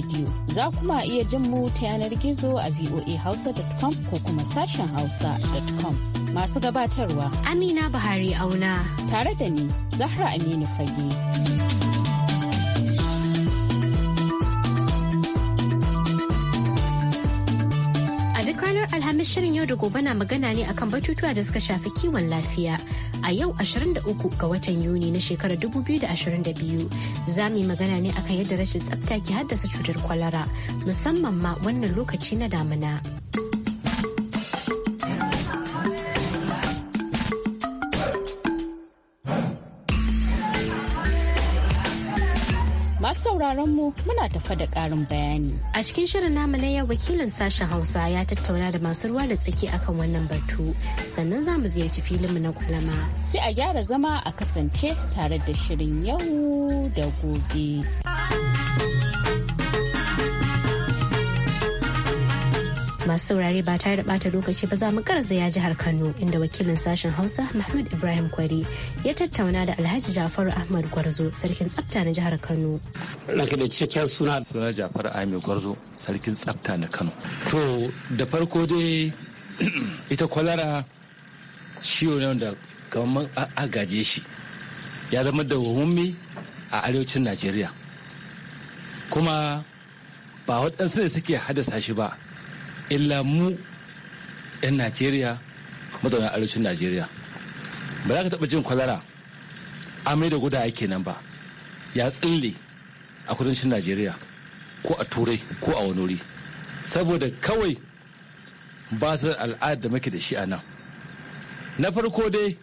rediyo. Za kuma iya jin mu ta yanar gizo a voahausa.com ko kuma sashen hausa.com. Masu gabatarwa Amina Buhari Auna. Tare da ni, Zahra Aminu Fage. Alhamis shirin yau da gobe na magana ne akan batutuwa da suka shafi kiwon lafiya a yau 23 ga watan Yuni na shekarar 2022 za mu yi magana ne akan yadda rashin tsafta ke haddasa cutar kwalara musamman ma wannan lokaci na damuna sauraron mu muna tafa da ƙarin bayani. A cikin shirin namu na yau wakilin sashen Hausa ya tattauna da masu ruwa da tsaki akan wannan batu. Sannan za mu ziyarci mu na kwalama. Sai a gyara zama a kasance tare da shirin yau da gobe. masu saurare ba tare da bata lokaci ba za mu karza ya jihar Kano inda wakilin sashen Hausa Mahmud Ibrahim Kwari ya tattauna da Alhaji Jafaru Ahmad Gwarzo sarkin tsafta na jihar Kano. da cikakken suna suna Ahmad Gwarzo sarkin tsafta na Kano. To da farko dai ita kwalara ciwo ne wanda kamar a shi ya zama da wahummi a arewacin Najeriya. Kuma ba waɗansu ne suke haddasa shi ba illa mu 'yan najeriya mazauna arewacin najeriya ba za ka taɓa jin kwalara amai da guda ake nan ba ya tsille a kudancin najeriya ko a turai ko a wani wuri saboda kawai ba su al'ada da muke da shi a nan na farko dai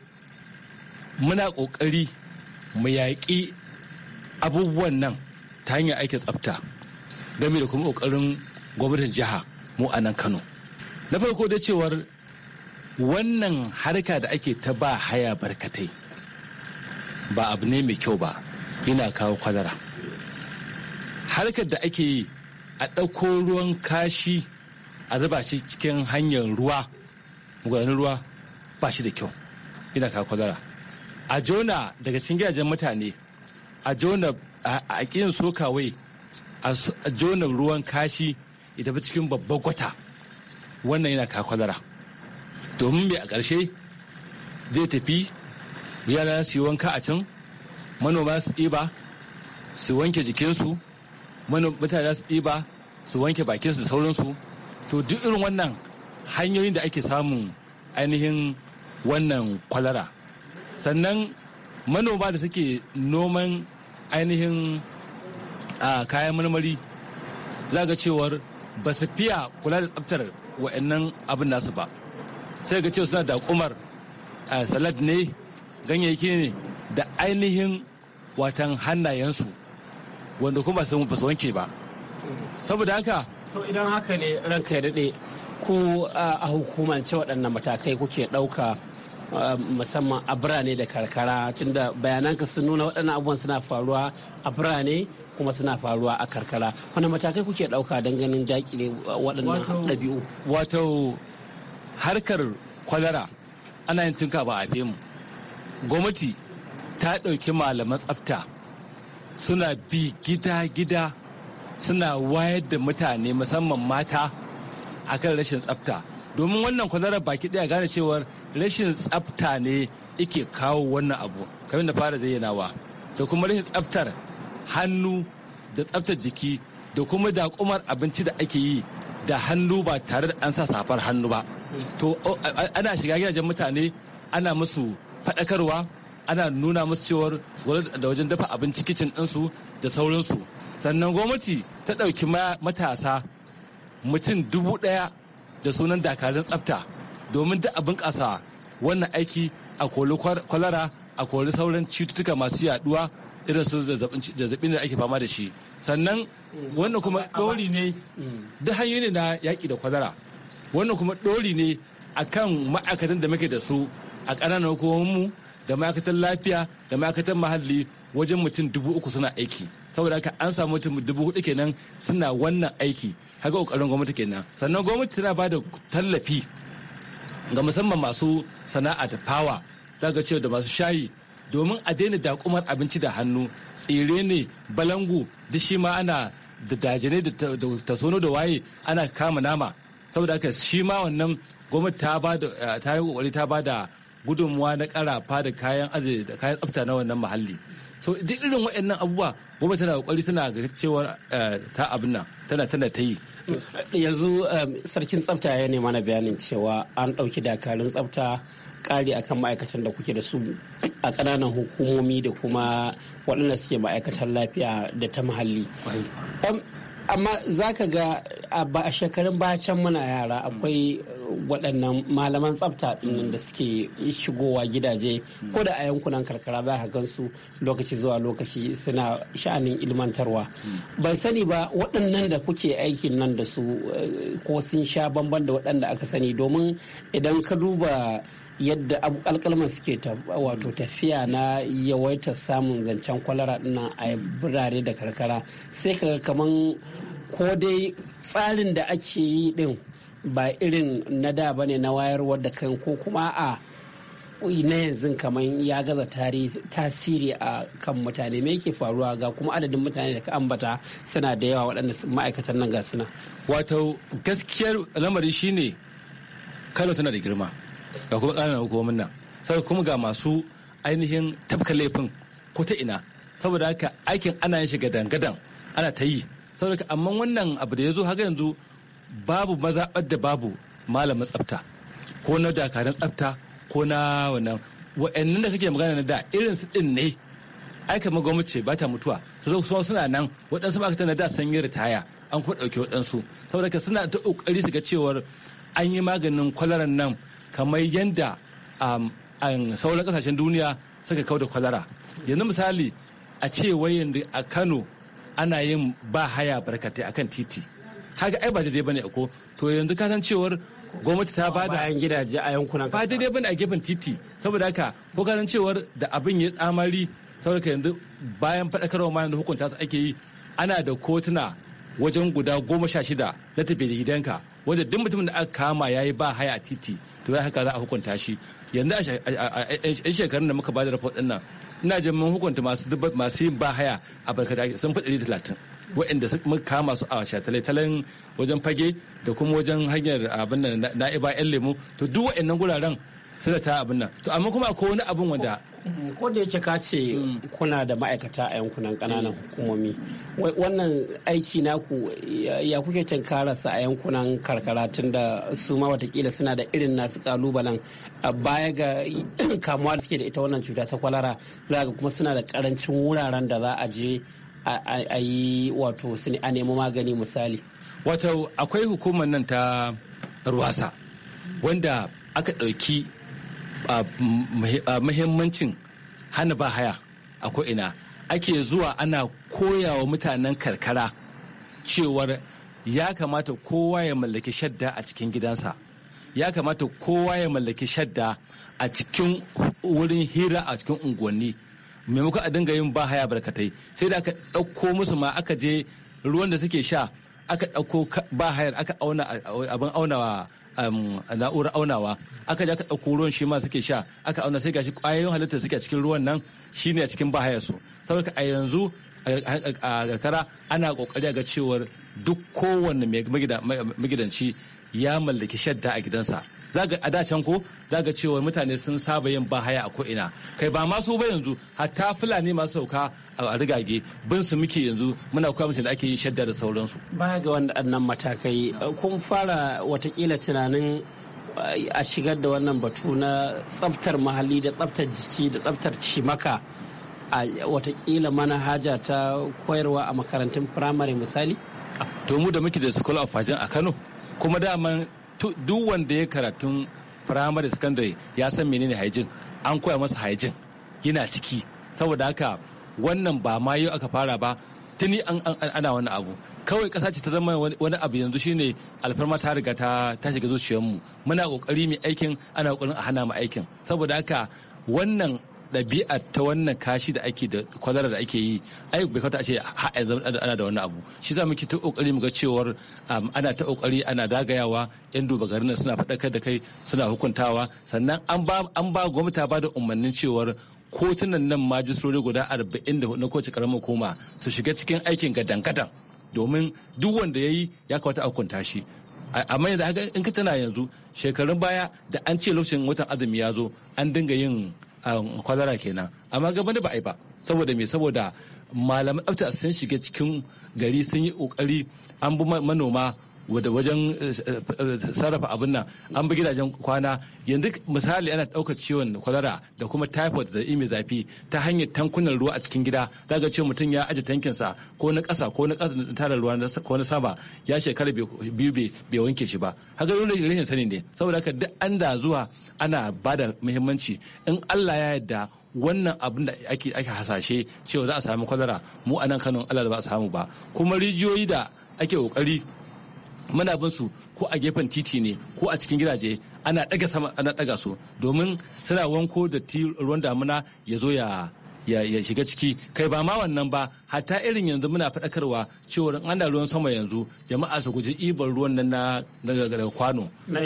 muna ƙoƙari mu yaƙi abubuwan nan ta hanyar aikin tsafta game da kuma ƙoƙarin gwamnatin jiha mu a nan kano na farko da cewar wannan harka da ake ta ba haya barkatai ba abu ne mai kyau ba yana kawo kwalara harkar da ake yi a ɗauko ruwan kashi a zuba shi cikin hanyar ruwa magudanar ruwa ba shi da kyau yana kawo kwalara a jona daga cikin gidajen mutane a jona a ƙin sokawai a jona ruwan kashi ya tafi cikin babbar kwata wannan yana ka kwalara domin mai a ƙarshe zai tafi yana su yi wanka a can manoma su ɗiba su wanke jikinsu mutane su ɗiba su wanke bakinsu da sauransu to duk irin wannan hanyoyin da ake samun ainihin wannan kwalara sannan manoma da suke noman ainihin a ah, kayan marmari za cewar ba su fiya kula da tsaftar wa'annan abin nasu ba sai ga cewa suna da kumar eh, salad ne ganyayyaki ne da ainihin watan hannayensu wanda kuma sun ba wanke ba saboda haka to idan haka ne ranka ya daɗe ku eh, a hukumance waɗannan matakai kuke ɗauka musamman a birane da karkara tunda bayananka sun nuna waɗannan abubuwan suna faruwa a birane kuma suna faruwa a karkara wani matakai kuke ɗauka don ganin dakile waɗannan ɗabi'u wato harkar kwalara ana yin tunka ba a mu gwamnati ta ɗauki malaman tsafta suna bi gida-gida suna wayar da mutane musamman mata akan rashin tsafta domin wannan kwalarar baki ɗaya gane cewar rashin tsafta ne ike kawo wannan abu kamar da fara zayyanawa da kuma rashin tsaftar hannu da tsaftar jiki da kuma dakumar abinci da ake yi da hannu ba tare da an sa safar hannu ba to ana shiga gidajen mutane ana musu faɗakarwa ana nuna musu cewar da wajen dafa abinci kicin ɗinsu da sauransu sannan gwamnati ta ɗauki matasa mutum dubu ɗaya da sunan dakarun tsafta domin duk abin ƙasa wannan aiki a koli kwalara a koli sauran cututtuka masu yaduwa irin su zazzabin da ake fama da shi sannan wannan kuma ɗori ne duk hanyoyi na yaƙi da kwalara wannan kuma ɗori ne akan ma'aikatan da muke da su a ƙananan mu da ma'aikatan lafiya da ma'aikatan muhalli wajen mutum dubu uku suna aiki saboda haka an samu mutum dubu hudu kenan suna wannan aiki haka ƙoƙarin gwamnati kenan sannan gwamnati tana ba da tallafi ga musamman masu sana'a da fawa daga cewa da masu shayi domin a daina dakumar abinci da hannu tsire ne balangu duk shi ma ana da dajane da tasono da waye ana kama nama saboda haka shi ma wannan gwamnati ta ba ta yi kokari ta ba da gudunmuwa na karafa da kayan azai da kayan tsafta na wannan muhalli so duk irin waɗannan abubuwa gwamnati tana kokari tana ga cewa eh, ta abin nan tana tana ta yi yanzu eh, sarkin tsafta ya ne mana bayanin cewa an ɗauki dakarun tsafta kari akan ma'aikatan da kuke da su a ƙananan hukumomi da kuma waɗanda suke ma'aikatan lafiya da ta muhalli amma za ka ga a shekarun bacan muna yara akwai waɗannan malaman tsafta ɗinnan da suke shigowa gidaje ko da a yankunan karkara za gan gansu lokaci zuwa lokaci suna sha'anin ilmantarwa ban sani ba waɗannan da kuke aikin nan da su eh, ko sun sha bamban da waɗanda aka sani domin idan ka duba yadda alkalman suke wato tafiya na yawaitar samun zancen kwalara dinnan a birane da karkara sai kaga kaman ko dai tsarin da ake yi din ba irin na da ba ne na wayarwar da kan ko kuma a na yanzu kamar ya gaza tasiri a kan mutane me yake faruwa ga kuma adadin mutane da ka ambata suna da yawa waɗanda ma'aikatan nan ga suna wato gaskiyar lamari shine kano tana da girma ga kuma ƙananan hukumomin nan sai kuma ga masu ainihin tafka laifin ko ta ina saboda haka aikin ana yin shi gadan-gadan ana ta yi saboda amma wannan abu da ya zo har yanzu babu mazaɓar da babu malamin tsafta ko na dakarun tsafta ko na wannan wa'annan da kake magana na da irin su din ne ai kamar ba ta mutuwa su zo suna nan waɗansu ba ka na da sun yi ritaya an kuma ɗauki waɗansu saboda ka suna ta ƙoƙari su ga cewar an yi maganin kwalaran nan kamar yadda sauran ƙasashen duniya suka kau da kwalara yanzu misali a ce wayan a kano ana yin ba haya barkatai akan titi kaga ai ba daidai bane ko to yanzu ka san cewar gwamnati ta ba da bayan gidaje a yankunan ba daidai bane a gefen titi saboda haka ko ka san cewar da abin ya tsamari saboda yanzu bayan fadakarwa ma yanzu hukunta su ake yi ana da kotuna wajen guda goma sha shida na tafi da gidanka wanda duk mutumin da aka kama ya yi ba haya a titi to ya haka za a hukunta shi yanzu a shekarun da muka ba da rahoton nan ina jin mun hukunta masu yin ba haya a barkata sun fi ɗari talatin waɗanda muka kama su a shataletalen wajen fage da kuma wajen hanyar abin nan na'iba yan lemu to duk waɗannan guraren suna ta abin nan to amma kuma akwai wani abin wanda mm-hmm. ko da yake ka ce mm. kuna da ma'aikata a yankunan kananan hukumomi wannan aiki naku ya kuke tankararsa a yankunan karkara tun da su ma watakila suna da irin nasu kalubalen baya ga kamuwa da suke da ita wannan cuta ta kwalara za ga kuma suna da karancin wuraren da za a je a yi wato a nemo magani misali wato akwai hukumar nan ta ruwasa wanda aka ɗauki muhimmancin hana ba haya a ko'ina ake zuwa ana koya wa mutanen karkara cewar ya kamata kowa ya mallaki shadda a cikin gidansa ya kamata kowa ya mallaki shadda a cikin wurin hira a cikin unguwanni maimakon a dinga yin ba haya barkatai sai da aka ɗauko musu ma aka je ruwan da suke sha aka ɗauko ba hayar aka auna abin aunawa um, na'urar aunawa aka je aka ɗauko ruwan shi ma suke sha aka auna sai gashi ƙwayoyin halittar suke a cikin ruwan nan shine a cikin bahayarsu su saboda a yanzu a karkara ana kokari ga cewar duk kowanne magidanci ya mallaki shadda a gidansa zaga a dacen ko zaga cewa mutane sun saba yin bahaya a ko'ina kai ba masu ba yanzu hatta fulani masu sauka a rigage bin su muke yanzu muna koya musu da ake yin shadda da sauransu baya ga wannan matakai uh, kun fara watakila tunanin uh, a shigar da wannan batu na tsaftar mahalli da tsaftar jiki da tsaftar cimaka a watakila manhaja ta koyarwa a makarantun firamare misali? to mu da muke da school of fajin a kano kuma daman duk wanda ya karatun primary sakandare ya san menene haijin an koya masa haijin yana ciki saboda haka wannan ba ma yau aka fara ba tuni an ana wani abu kawai kasa ce ta zama wani abu yanzu shine alfarma ta riga ta ta shiga zuciyarmu muna kokari mai aikin ana kokarin a hana mu aikin saboda haka wannan ɗabi'ar ta wannan kashi da ake da kwalara da ake yi ai bai kawata a ce ana da wani abu shi za ki ta kokari mu ga cewar um, ana ta kokari ana dagayawa yan duba garin suna faɗakar da kai suna hukuntawa sannan an ba gwamnati ba da umarnin cewar kotunan nan majistori guda 44 na kowace karamar koma su shiga cikin aikin gadan-gadan domin duk wanda yayi ya kawata a hukunta shi amma yanzu in ka tana yanzu shekarun baya da an ce lokacin watan azumi ya zo an dinga yin Um, kwalara kenan amma gaba ba a yi ba saboda me saboda malaman tsafta sun shiga cikin gari sun yi kokari an bi manoma wajen eh, eh, sarrafa abin nan an bi gidajen kwana yanzu misali ana ɗaukar ciwon kwalara da kuma typhoid da mai zafi ta hanyar tankunan ruwa a cikin gida daga ce mutum ya aje tankinsa ko na ƙasa ko na ƙasa tara ruwa ko na sama ya shekara biyu bai wanke shi ba haka yau rashin sani ne saboda haka duk an da zuwa ana ba da muhimmanci in allah ya yarda wannan abin da ake ake hasashe cewa za a samu kwalara mu a nan kano allah ba a samu ba kuma rijiyoyi da ake kokari muna bin su ko a gefen titi ne ko a cikin gidaje ana daga sama ana daga su domin suna wanko da ruwan damuna ya zo ya ya shiga ciki kai ba ma wannan ba hatta irin yanzu muna faɗakarwa cewa ana ruwan sama yanzu jama'a su guji ibar ruwan nan na daga kwano na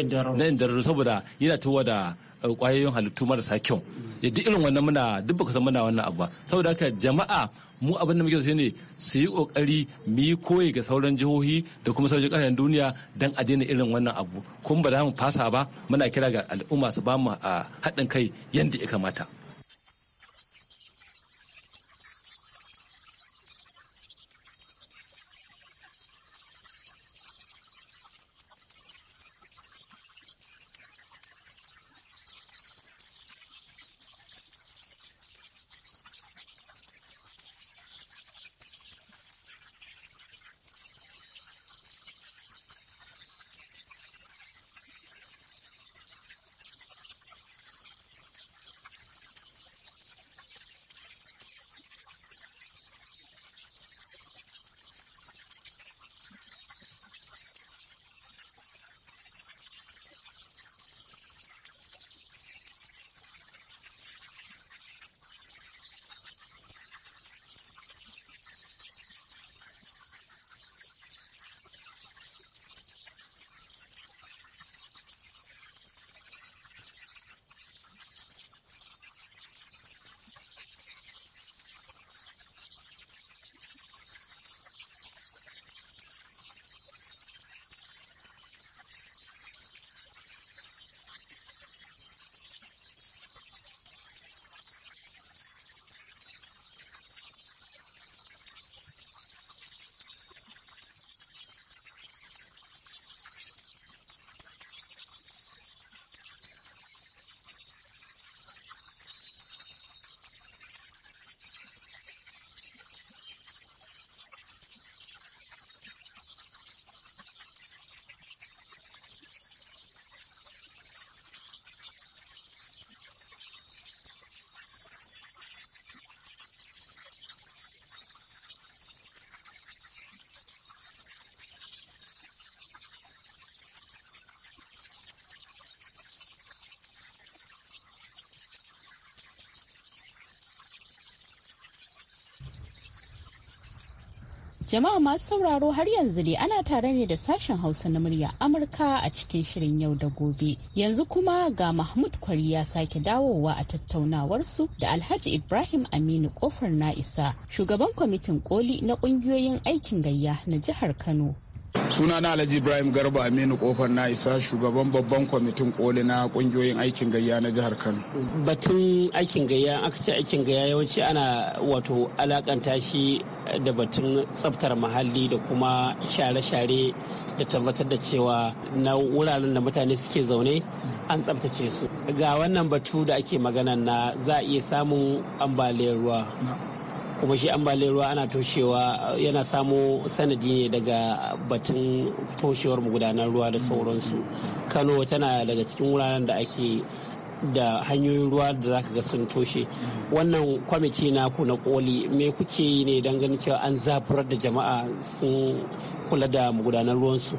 saboda yana tuwa da kwayoyin uh, halittu marasa kyau duk irin wannan muna duk baka san muna wannan abu saboda haka jama'a mu abin da muke so ne su yi kokari mu yi koyi ga sauran jihohi da kuma sauran kasashen duniya don a daina irin wannan abu kuma ba za mu fasa ba muna kira ga al'umma su ba mu uh, haɗin kai yadda ya kamata Jama'a masu sauraro har yanzu ne ana tare ne da sashen Hausa na murya Amurka a cikin shirin yau da gobe. Yanzu kuma ga Mahmud Kwari ya sake dawowa a tattaunawarsu da Alhaji Ibrahim Aminu Kofar Na'isa, shugaban kwamitin koli na ƙungiyoyin aikin gayya na jihar Kano. suna na alhaji ibrahim garba aminu kofar na isa shugaban babban kwamitin koli na kungiyoyin aikin gayya na jihar kano batun aikin gayya aka ce aikin gayya yawanci ana wato alakanta shi da batun tsaftar muhalli da kuma share-share da tabbatar da cewa na wuraren da mutane suke zaune an tsabtace su ga wannan batu da ake magana na za a iya samun ambaliyar ruwa kuma shi ambaliyar ruwa ana toshewa yana samo sanadi ne daga batun toshewar magudanar ruwa da sauransu kano tana daga cikin wuraren da ake da hanyoyin ruwa da za ka ga sun toshe wannan kwamiti na na koli me kuke yi ne don ganin cewa an zafirar da jama'a sun kula da magudanar ruwansu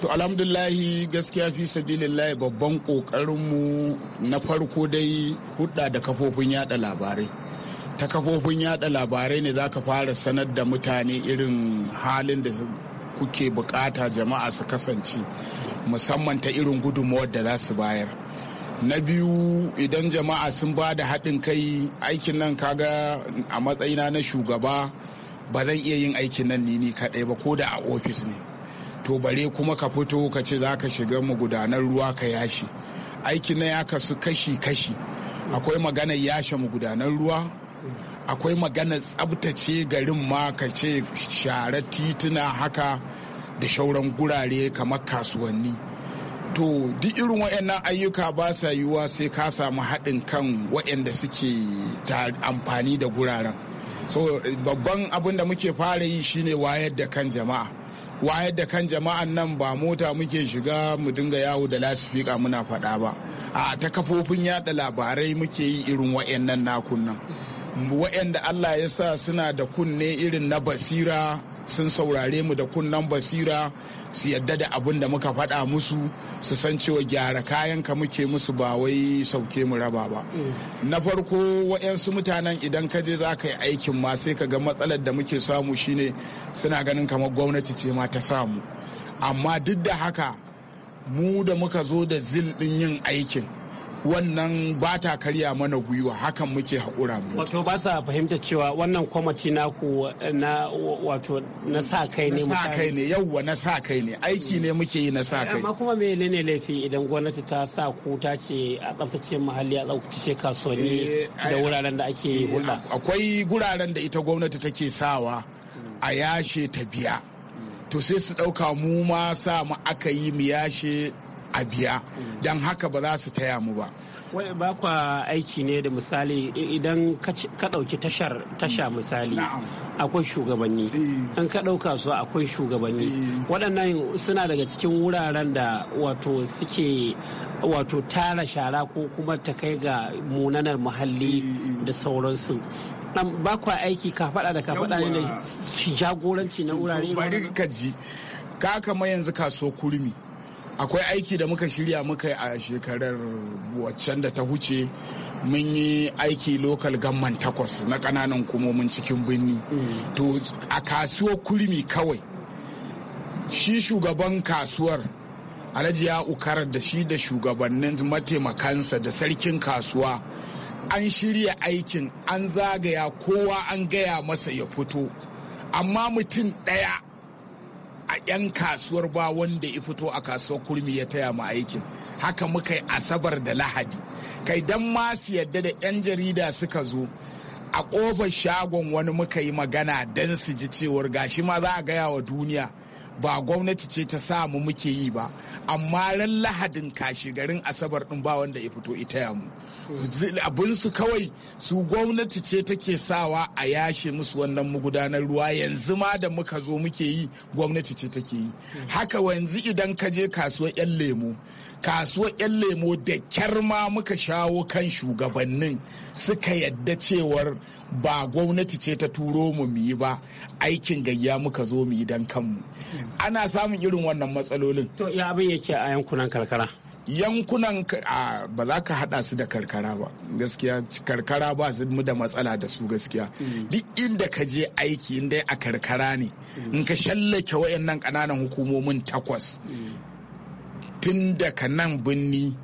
to alhamdulahi gaskiya fi sabilillahi babban kokarinmu na farko dai hudda da kafofin yada labarai ta kafofin yada labarai ne za ka fara sanar da mutane irin halin da kuke bukata jama'a su kasance musamman ta irin gudunmawar da za su bayar na biyu idan jama'a sun ba da haɗin kai aikin nan kaga a matsayina na shugaba ba zan iya yin aikin nan ni ni kaɗai ba ko da a ofis ne to bare kuma ka fito ka ce za ka shiga magudanar ruwa ka yashi aikin nan ya kasu kashi-kashi akwai maganar yashe magudanar ruwa akwai magana tsabtace garin ma ka ce share tituna haka da shauran gurare kamar kasuwanni to duk irin waɗannan ayyuka ba sa yiwuwa sai ka samu haɗin kan da suke amfani da guraren so babban abin da muke fara yi shine wayar da kan jama'a wayar da kan jama'an nan ba mota muke shiga mu dinga yawo da lasifika muna faɗa ba a ta kafofin yada labarai muke yi irin waɗannan nakun nan waɗanda Allah ya sa suna da kunne irin na basira sun saurare mu da kunnen basira su yadda da abin da muka faɗa musu su san cewa gyara kayan ka muke musu ba wai sauke mu raba ba na farko wa'yansu mutanen idan ka je za ka yi aikin ma sai ka ga matsalar da muke samu shine suna ganin kamar gwamnati ce ma ta samu amma duk da haka mu da muka zo da zil ɗin yin aikin wannan ba ta karya mana gwiwa hakan muke haƙura mu. Wato ba sa fahimta cewa wannan kwamaci ku na wato na sa kai ne. Na sa kai ne yawwa na sa kai ne aiki ne muke yi na sa kai. Amma kuma me ne laifi idan gwamnati ta sa ku ta ce a tsaftace muhalli a tsaftace kasuwanni eh, da wuraren da ake eh, hulɗa. Akwai guraren da ita gwamnati take sawa a yashe ta biya. Hmm. To sai su ɗauka mu ma sa mu aka yi mu yashe a biya don haka ba za su taya mu ba wai ba kwa aiki ne da misali idan ka ɗauki tashar tasha misali akwai shugabanni eh. in ka ɗauka su akwai shugabanni eh. waɗannan suna daga cikin wuraren da wato suke wato tara shara ko kuma ta kai ga munanar muhalli eh, da sauransu ɗan ba kwa aiki ka faɗa da ka faɗa ne da jagoranci na wurare bari ka ji ka kama yanzu kaso kurmi akwai aiki da muka shirya muka yi a shekarar waccan da ta huce mun yi aiki lokal gamman takwas na kananan kumomin cikin birni mm. to a kasuwar kurmi kawai shi shugaban kasuwar alhaji ya ukarar da shi da shugabannin mataimakansa da sarkin kasuwa an shirya aikin an zagaya kowa an gaya masa ya fito amma mutum ɗaya a 'yan kasuwar ba wanda ya fito a kasuwar kurmi ya taya mu aikin haka muka yi asabar da lahadi kai dan ma su yadda da 'yan jarida suka zo a ƙofar shagon wani muka yi magana dan su ji cewar gashi ma za a gaya wa duniya ba gwamnati ce ta sa mu muke yi ba amma ran lahadin kashi garin asabar din ba wanda ya fito ita ya mu abin su kawai su gwamnati ce take sawa a yashe musu wannan magudanar ruwa yanzu ma da muka zo muke yi gwamnati ce take yi haka yanzu idan ka je kasuwar yan lemo kasuwar 'yan lemo da kyar ma muka shawo kan shugabannin suka yadda cewar ba gwamnati ce ta turo mu mu yi ba aikin gayya muka zo mu yi don kanmu ana samun irin wannan matsalolin to ya abin yake a yankunan karkara yankunan ba za ka hada su da karkara ba gaskiya karkara ba su mu da matsala da su gaskiya mm. duk inda ka je aiki inda a karkara ne mm. in ka shallake wayannan kananan hukumomin takwas mm. tun ka nan binni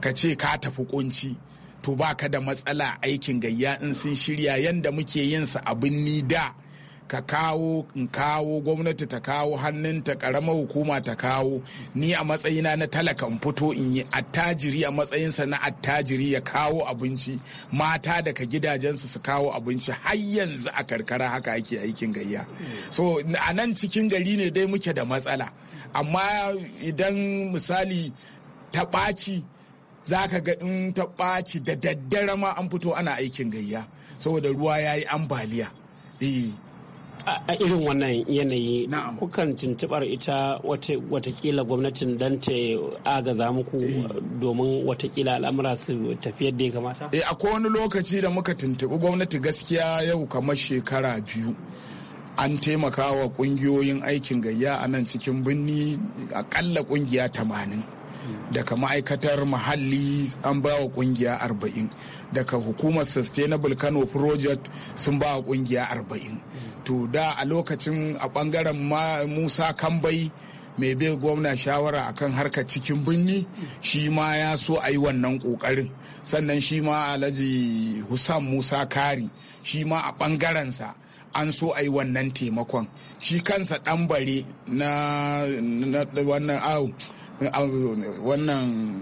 ka ce ka tafi kunci to baka da matsala aikin gayya in sun shirya yadda muke yin sa abin ni da ka kawo in kawo gwamnati ta kawo hannun ta karamar hukuma ta kawo ni a matsayina na talaka in fito in yi attajiri a matsayinsa na attajiri ya kawo abinci mata daga gidajensu su kawo abinci har yanzu a karkara haka ake aikin gayya so a nan cikin gari ne dai muke da matsala amma idan misali ta ɓaci za ka ga in ta ɓaci da daddare ma an fito ana aikin gayya saboda ruwa ya yi ambaliya eh. a irin wannan yanayi kukan tuntubar ita watakila gwamnatin don ta agaza muku eh. domin watakila al'amura su tafi yadda ya kamata? e eh, a wani lokaci da muka tuntubi gwamnati gaskiya yau kamar shekara biyu an taimaka wa kungiyoyin aikin gayya a nan cikin birni akalla kungiya tamanin daga ma'aikatar muhalli an ba wa kungiya arba'in daga hukumar sustainable kano project sun ba wa kungiya arba'in to da a lokacin a bangaren musa kambai mai bai gwamna shawara akan harkar cikin birni shi ma ya so a yi wannan kokarin sannan shi ma alhaji hussam musa kari shi ma a bangarensa an so a yi wannan taimakon shi kansa ɗan bare na wannan wannan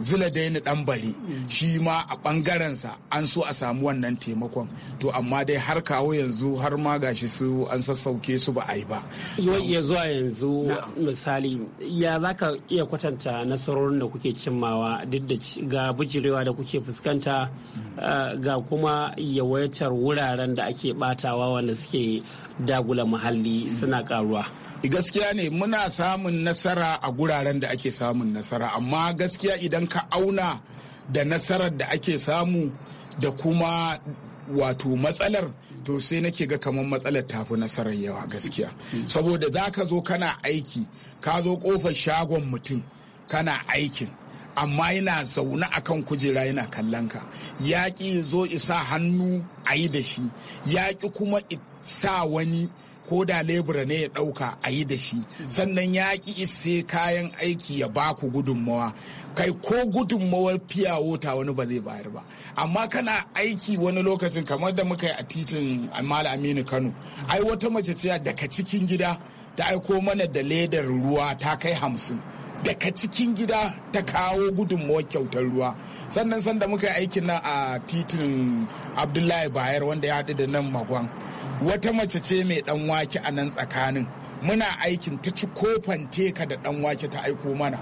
zila daini dan bari shi ma a bangarensa an so a samu wannan taimakon to amma dai har kawo yanzu har ma gashi su an sassauke su ba a yi ba ya zuwa yanzu misali ya za ka iya kwatanta nasarorin da kuke cimmawa duk da ga bijirewa da kuke fuskanta eh, ga kuma yawaitar wuraren da ake batawa wanda suke dagula muhalli suna karuwa gaskiya ne muna samun nasara a guraren da ake samun nasara amma gaskiya idan ka auna da nasarar da ake samu da kuma wato matsalar to sai nake ga kamar matsalar tafi nasarar yawa gaskiya saboda za ka zo kana aiki ka zo kofar shagon mutum kana aikin amma yana zaune a kan kujera yana kallon ka yaƙi zo isa hannu a yi da shi yaƙi kuma isa wani ko da lebura ne ya ɗauka a yi da shi sannan ya ki isse kayan aiki ya ba ku gudunmawa kai ko gudunmawar fiya wota wani ba zai bayar ba amma kana aiki wani lokacin kamar da muka yi a titin amal aminu kano ai wata mace ce daga cikin gida ta aiko mana da ledar ruwa ta kai hamsin daga cikin gida ta kawo gudunmawar kyautar ruwa sannan sanda muka yi aikin nan a titin abdullahi bayar wanda ya haɗu da nan magwan wata mace ce mai dan wake a nan tsakanin muna aikin ta ci kofan teka da dan wake ta aiko mana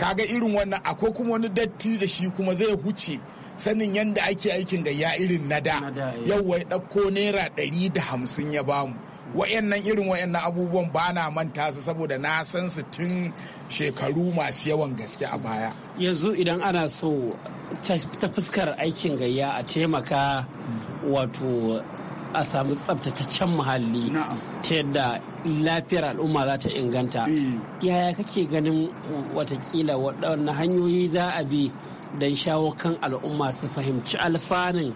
kaga irin wannan akwai kuma wani datti da shi kuma zai huce sanin yadda ake aikin gayya irin na da eh. yau wai ɗauko naira ɗari da hamsin ya bamu wayannan irin wayannan abubuwan ba na manta su saboda na san su tun shekaru masu yawan gaske a baya yanzu idan ana so ta fuskar aikin gayya a taimaka wato a samu tsabtataccen muhalli ta yadda lafiyar al'umma za ta inganta eh. yaya kake ganin watakila waɗannan hanyoyi za a bi don shawo kan al'umma su fahimci alfanun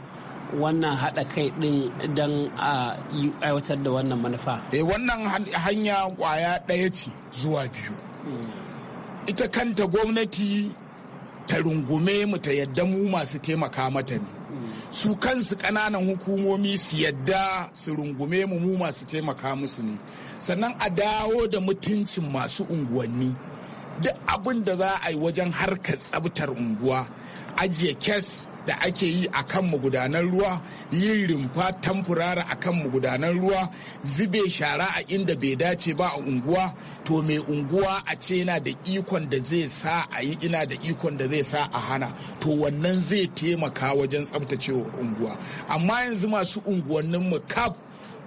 wannan haɗa kai ɗin don a aiwatar da wannan manufa eh wannan hanya ƙwaya ɗaya ce zuwa biyu hmm. ita kanta gwamnati ta rungume mu ta yadda mu masu taimaka mata ne su kansu kananan hukumomi su yadda su rungume mu mu masu taimaka musu ne sannan a dawo da mutuncin masu unguwanni duk abin da za a yi wajen harkar tsabtar unguwa ajiye kes da ake yi a kan magudanan ruwa yin rumfa tamfurara a kan magudanan ruwa zube shara a inda bai dace ba a unguwa to mai unguwa a ce yana da ikon da zai sa a yi ina da ikon da zai sa a hana to wannan zai taimaka wajen tsabtacewa unguwa amma yanzu masu unguwannin mu kaf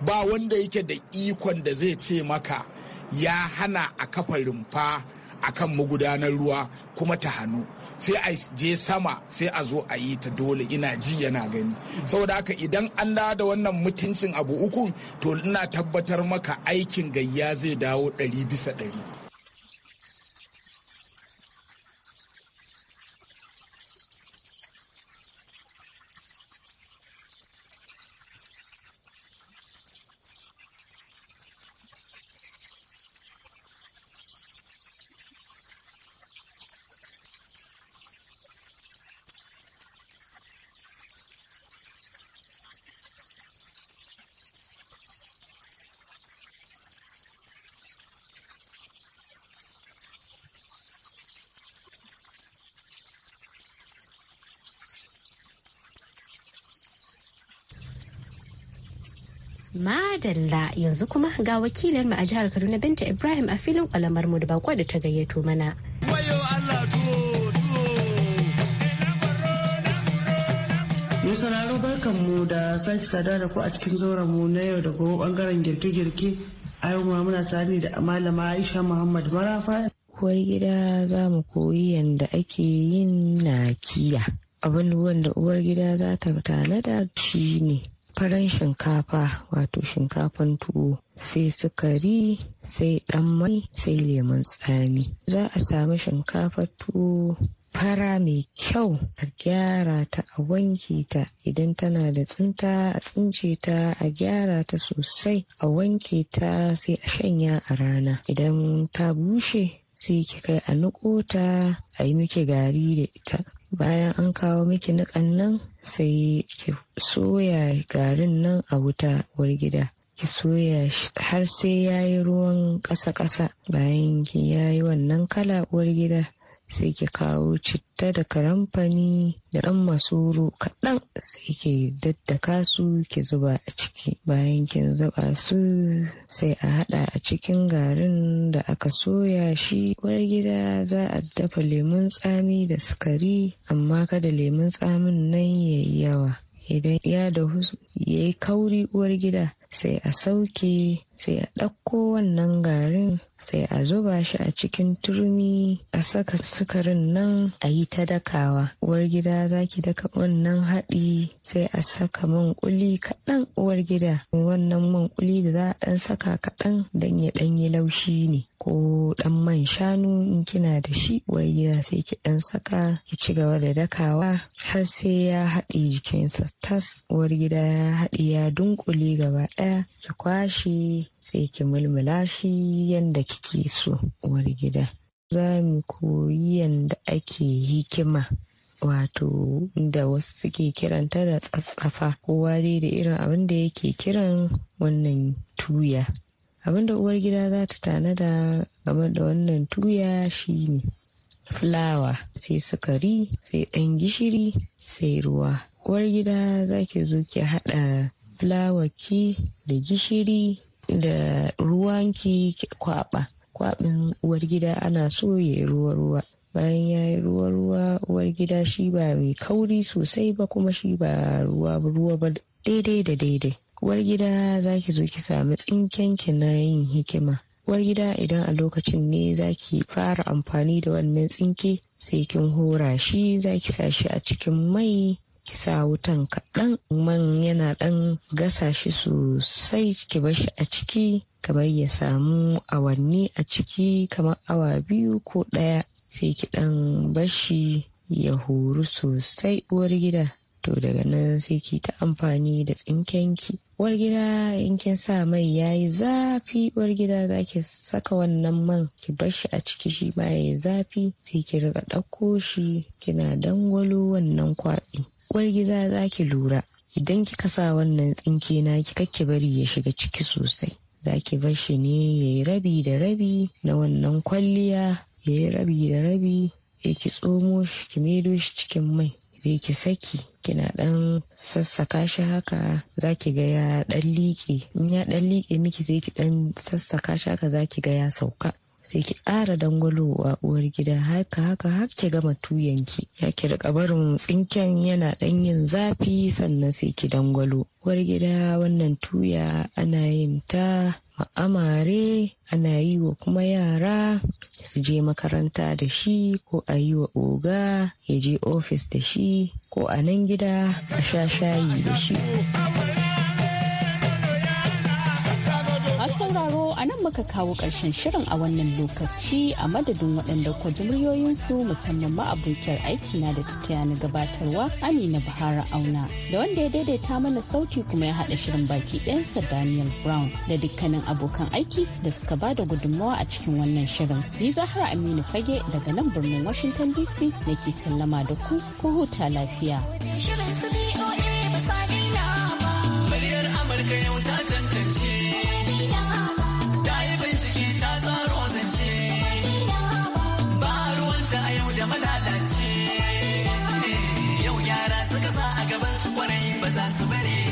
ba wanda yake da ikon da zai ce maka ya hana a kafa rumfa kan magudanar ruwa kuma ta hannu sai a je sama sai a zo a yi ta dole ina ji yana gani saboda haka idan an da wannan mutuncin abu uku to ina tabbatar maka aikin gayya zai dawo ɗari bisa ɗari Madalla yanzu kuma ga wakilin mu a jihar Kaduna Binta Ibrahim a filin kwalamar mu da bako da ta gayyato mana. Mai sauraro barkan mu da sake sada da ku a cikin zauren mu na yau da gobe bangaren girke-girke a yau muna tare da malama Aisha Muhammad Marafa. Uwar gida za mu koyi yadda ake yin nakiya. Abin wanda uwar gida za ta tanada shi ne faran shinkafa wato shinkafan tuwo sai sukari sai ɗan mai sai lemun tsami za a samu shinkafar tuwo fara mai kyau a gyara ta a wanke ta idan tana da tsinta a tsince ta a gyara ta sosai a wanke ta sai a shanya a rana idan ta bushe sai ki kai a nuko ta a yi miki gari da ita bayan an kawo miki niƙan nan sai ki soya garin nan a wuta gida ki soya har sai yayi ruwan ƙasa-ƙasa bayan ki yayi wannan kala uwar gida sai ki kawo citta da karamfani da ɗan masoro kaɗan sai ki daddaka su ki zuba a ciki bayan kin zuba su sai a haɗa a cikin garin da aka soya shi uwargida gida za a dafa lemun tsami da sukari amma kada lemun tsamin nan ya yi yawa idan ya da dahu ya yi kauri uwar gida sai a sauke sai a ɗauko wannan garin sai a zuba shi a cikin turmi a saka sukarin nan a yi ta dakawa uwar gida za ki daka wannan haɗi sai a saka man kuli kaɗan uwar gida wannan man kuli da za a ɗan saka kaɗan don ya ɗan yi laushi ne ko ɗan man shanu in kina da shi uwar gida sai ki ɗan saka ki ci gaba da dakawa har sai ya haɗe jikinsa tas uwar gida ya haɗe ya dunkule gaba ɗaya ki kwashe sai ki mulmula shi yadda kike so uwar gida za mu koyi yadda ake hikima wato da wasu suke kiranta da tsatsafa kowa dai da irin abin da yake kiran wannan tuya abin da uwar gida za ta tanada game da wannan tuya shine fulawa sai sukari sai ɗan gishiri sai ruwa uwar gida za ki zo ki haɗa ki da gishiri da ruwanki ki kwaba kwabin uwar gida ana so ya yi ruwa-ruwa bayan ya yi ruwa-ruwa uwar gida shi ba mai kauri sosai ba kuma shi ba ruwa-ruwa ba daidai da daidai uwar gida za ki zo ki sami tsinkenki na yin hikima uwar gida idan a lokacin ne za ki fara amfani da wannan tsinke sai kin hora shi za ki sa shi a cikin mai ki sa wutan kaɗan man yana ɗan gasa shi sosai ki bashi a ciki kamar ya samu awanni a ciki kamar awa biyu ko ɗaya sai ki ɗan bashi ya horu sosai uwar gida to daga nan sai ki ta amfani da tsinkenki uwar gida in kin sa mai yayi zafi uwar gida za ki saka wannan man ki bashi a ciki shi ma yayi zafi sai ki riga ɗauko shi kina dangwalo wannan kwaɓi uwar gida za ki lura idan kika sa wannan tsinke na ki bari ya shiga ciki sosai za ki bar shi ne ya yi rabi da rabi na wannan kwalliya ya yi rabi da rabi ya ki tsomo shi ki maido shi cikin mai zai ki saki kina dan sassaka shi haka za ki ga ya dan liƙe in ya dan liƙe miki sai ki dan sassaka shi haka za ki ga ya sauka sai ki ƙara dangwalowa uwar gida haka haka har ki gama tuyanki ya ki rika barin tsinken yana ɗan yin zafi sannan sai ki dangwalo uwar gida wannan tuya ana yin ta ma'amare ana yi wa kuma yara su je makaranta da shi ko a yi wa oga ya je ofis da shi ko a nan gida a sha shayi da shi. a muka kawo ƙarshen shirin a wannan lokaci a madadin waɗanda kwa su musamman ma abokiyar na da ta na gabatarwa amina bahara auna da wanda ya daidaita mana sauti kuma ya haɗa shirin baki ɗayansa daniel brown da dukkanin abokan aiki da suka ba da gudunmawa a cikin wannan shirin ni zahra aminu fage daga nan birnin washington dc nake sallama da ku ko huta lafiya. Muryar Amurka yau ta za su bari